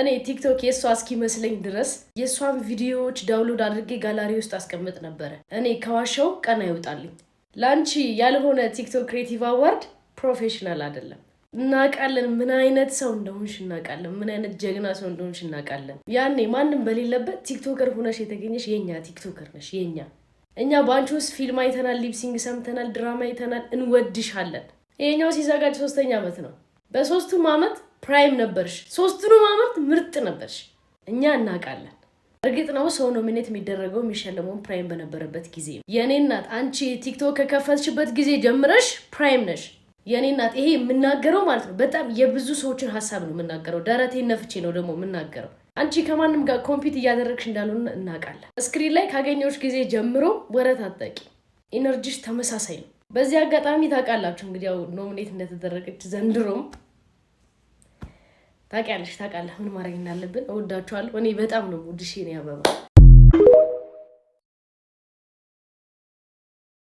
እኔ ቲክቶክ የእሷ እስኪመስለኝ ድረስ የእሷን ቪዲዮዎች ዳውንሎድ አድርጌ ጋላሪ ውስጥ አስቀምጥ ነበረ። እኔ ከዋሻው ቀና ይውጣልኝ። ለአንቺ ያልሆነ ቲክቶክ ክሬቲቭ አዋርድ ፕሮፌሽናል አይደለም። እናውቃለን፣ ምን አይነት ሰው እንደሆንሽ እናውቃለን፣ ምን አይነት ጀግና ሰው እንደሆንሽ እናውቃለን። ያኔ ማንም በሌለበት ቲክቶከር ሆነሽ የተገኘሽ የኛ ቲክቶከር ነሽ። የኛ እኛ በአንቺ ውስጥ ፊልም አይተናል፣ ሊፕሲንግ ሰምተናል፣ ድራማ አይተናል፣ እንወድሻለን። ይሄኛው ሲዘጋጅ ሶስተኛ ዓመት ነው። በሶስቱም ዓመት ፕራይም ነበርሽ። ሶስቱን ማምርት ምርጥ ነበርሽ። እኛ እናውቃለን። እርግጥ ነው ሰው ኖሚኔት የሚደረገው የሚሸለመውን ፕራይም በነበረበት ጊዜ ነው። የእኔ እናት አንቺ ቲክቶክ ከከፈትሽበት ጊዜ ጀምረሽ ፕራይም ነሽ። የእኔ እናት ይሄ የምናገረው ማለት ነው በጣም የብዙ ሰዎችን ሀሳብ ነው የምናገረው። ደረቴን ነፍቼ ነው ደግሞ የምናገረው። አንቺ ከማንም ጋር ኮምፒት እያደረግሽ እንዳልሆነ እናውቃለን። ስክሪን ላይ ካገኘሁሽ ጊዜ ጀምሮ ወረት አጠቂ ኢነርጂሽ ተመሳሳይ ነው። በዚህ አጋጣሚ ታውቃላችሁ እንግዲህ ያው ኖሚኔት እንደተደረገች ዘንድሮም ታውቂያለሽ፣ ታውቃለህ ምን ማድረግ እንዳለብን። እወዳችኋለሁ። እኔ በጣም ነው ውድሽ ነው ያበባ